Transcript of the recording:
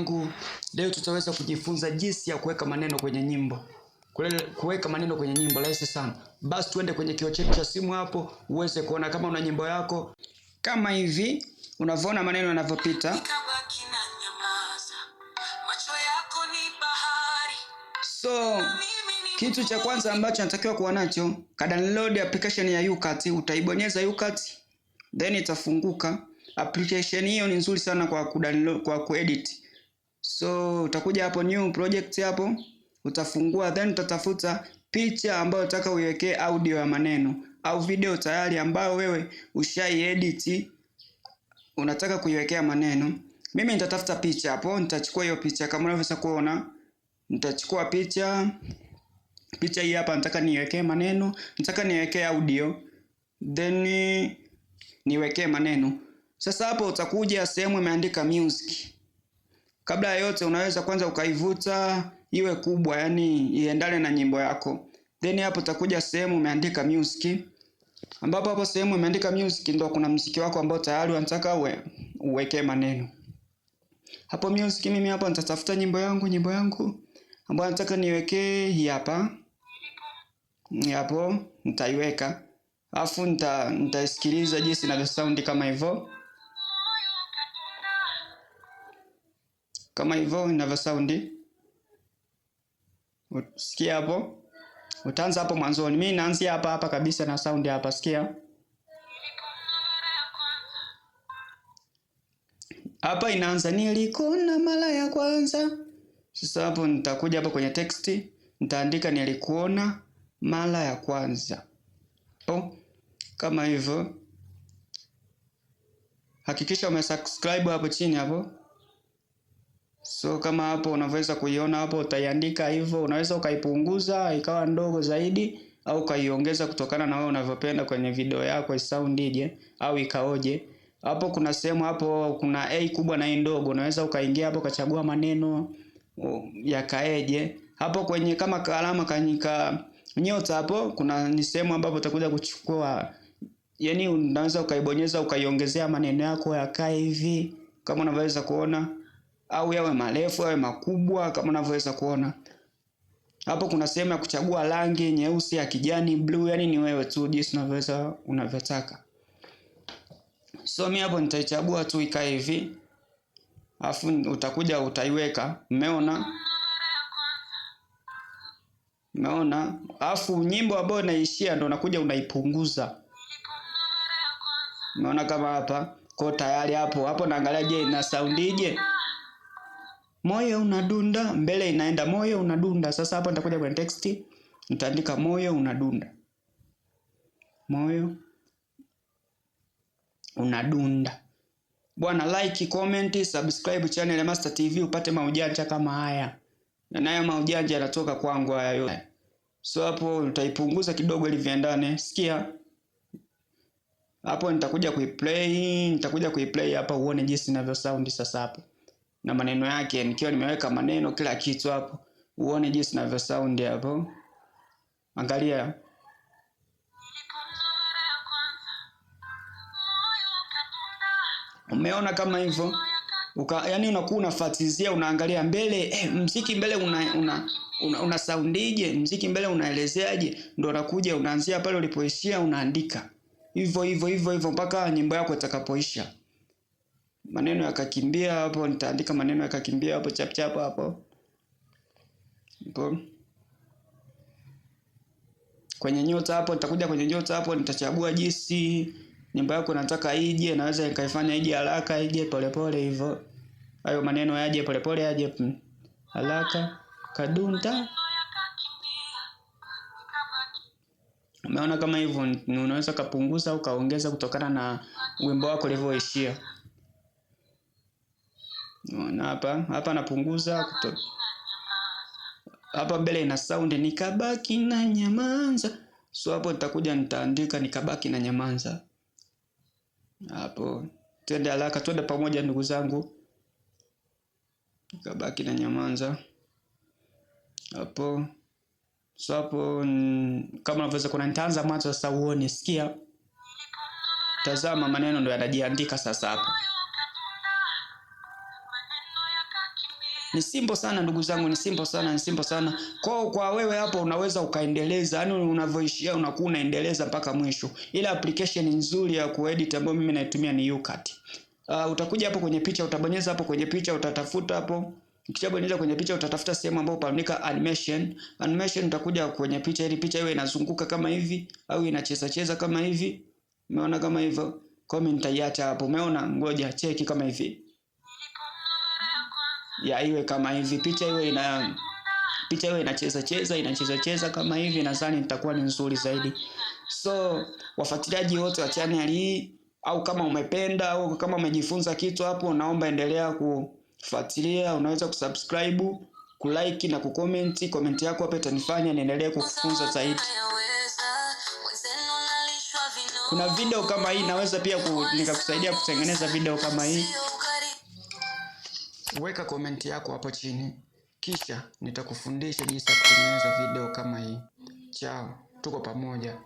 yangu, leo tutaweza kujifunza jinsi ya kuweka maneno kwenye nyimbo, kuweka maneno kwenye nyimbo rahisi sana. Basi tuende kwenye kio chetu cha simu hapo, uweze kuona kama una nyimbo yako kama hivi, unavyoona maneno yanavyopita. So kitu cha kwanza ambacho natakiwa kuwa nacho, kadownload application ya ukat Utaibonyeza ukat then itafunguka. Application hiyo ni nzuri sana kwa ku kwa kuedit So utakuja hapo new project hapo utafungua, then utatafuta picha ambayo unataka uiwekee audio ya maneno au video tayari ambayo wewe ushai edit unataka kuiwekea maneno. Mimi nitatafuta picha hapo, nitachukua hiyo picha kama unavyoweza kuona. Nitachukua picha, picha hii hapa, nataka niwekee maneno, nataka niwekee audio then niwekee maneno. Sasa hapo utakuja sehemu imeandika music Kabla ya yote, unaweza kwanza ukaivuta iwe kubwa, yani iendane na nyimbo yako, then hapo utakuja sehemu umeandika music, ambapo hapo sehemu umeandika music ndio kuna muziki wako ambao tayari unataka uwe uweke maneno hapo music. Mimi hapa nitatafuta nyimbo yangu, nyimbo yangu ambayo nataka niwekee hii hapa, hapo nitaiweka, afu nitaisikiliza jinsi inavyo sound kama hivyo. kama hivyo inavyo saundi Sikia hapo, utaanza hapo mwanzoni. Mimi naanzia hapa hapa kabisa na saundi hapa, sikia hapa, inaanza nilikuona mara ya kwanza. Sasa hapo nitakuja hapo kwenye text nitaandika nilikuona mara ya kwanza hapo, kama hivyo. Hakikisha umesubscribe hapo chini hapo. So kama hapo unavyoweza kuiona hapo, utaiandika hivyo. Unaweza ukaipunguza ikawa ndogo zaidi, au ukaiongeza kutokana na wewe unavyopenda kwenye video yako isaundije au ikaoje. Hapo kuna sehemu hapo, kuna A kubwa na A ndogo, unaweza ukaingia hapo ukachagua maneno yakaeje. Hapo kwenye kama alama kanyika nyota hapo, kuna ni sehemu ambapo utakuja kuchukua, yani unaweza ukaibonyeza ukaiongezea maneno yako yakae hivi kama unavyoweza kuona au yawe marefu yawe makubwa kama unavyoweza kuona hapo. Kuna sehemu ya kuchagua rangi nyeusi, ya kijani, blue, yani ni wewe tu jinsi unavyoweza unavyotaka. So mimi hapo nitaichagua tu ikae hivi, alafu utakuja utaiweka. Umeona? Umeona? Alafu nyimbo ambayo inaishia ndo unakuja unaipunguza. Umeona kama hapa? Kwa tayari hapo hapo naangalia, je, na saundije? moyo unadunda, mbele inaenda moyo unadunda. Sasa hapa nitakuja kwenye text, nitaandika moyo unadunda, moyo unadunda. Bwana, like, comment, subscribe channel ya Master TV upate maujanja kama haya, na nayo maujanja yanatoka kwangu haya yote. So hapo nitaipunguza kidogo ili viendane, sikia hapo. Nitakuja kuiplay, nitakuja kuiplay hapa uone jinsi inavyo sound sasa hapo na maneno yake, nikiwa nimeweka maneno kila kitu hapo, uone jinsi navyo sound hapo, angalia Umeona kama hivyo uka, yani unakuwa unafuatilia unaangalia mbele eh, mziki mbele una, una, una, una saundije mziki mbele unaelezeaje, ndo unakuja unaanzia pale ulipoishia unaandika hivyo hivyo hivyo hivyo mpaka nyimbo yako itakapoisha maneno yakakimbia hapo, nitaandika maneno yakakimbia hapo chap chap hapo hapo kwenye nyota hapo, nitakuja kwenye nyota hapo, nitachagua jinsi nyumba yako nataka ije, naweza nikaifanya ije haraka, ije polepole hivyo, hayo maneno yaje polepole, yaje haraka kadunta. Umeona kama hivyo, unaweza kapunguza au kaongeza kutokana na wimbo wako ulivyoishia. Unaona hapa, hapa napunguza kuto... hapa mbele ina sound nikabaki na nyamanza. So hapo nitakuja nitaandika nikabaki na nyamanza. Hapo twende haraka, twende pamoja ndugu zangu. Nikabaki na nyamanza. Hapo so hapo kama unavyoweza kuna nitaanza mwanzo sasa uone, sikia. Tazama maneno ndo yanajiandika sasa hapo. Ni simple sana ndugu zangu, ni simple sana, ni simple sana. Kwa kwa wewe hapo unaweza ukaendeleza, yani unavyoishia unakuwa unaendeleza mpaka mwisho. Ile application nzuri ya kuedit ambayo mimi naitumia ni UCut. Uh, ah, utakuja hapo kwenye picha, utabonyeza hapo kwenye picha, utatafuta hapo Ukishabonyeza kwenye picha utatafuta sehemu ambayo paandika animation. Animation utakuja kwenye picha ili picha iwe inazunguka kama hivi au inacheza cheza kama hivi. Umeona kama hivyo? Kwa mimi nitaiacha hapo. Umeona? Ngoja cheki kama hivi ya iwe kama hivi, picha iwe ina picha iwe inacheza cheza inacheza cheza kama hivi, nadhani nitakuwa ni nzuri zaidi. So wafuatiliaji wote wa channel hii, au kama umependa au kama umejifunza kitu hapo, naomba endelea kufuatilia. Unaweza kusubscribe, kulike na kucomment. Comment yako hapo itanifanya niendelee kukufunza zaidi. Kuna video kama hii, naweza pia ku, nikakusaidia kutengeneza video kama hii. Weka komenti yako hapo chini, kisha nitakufundisha jinsi ya kutengeneza video kama hii. Chao, tuko pamoja.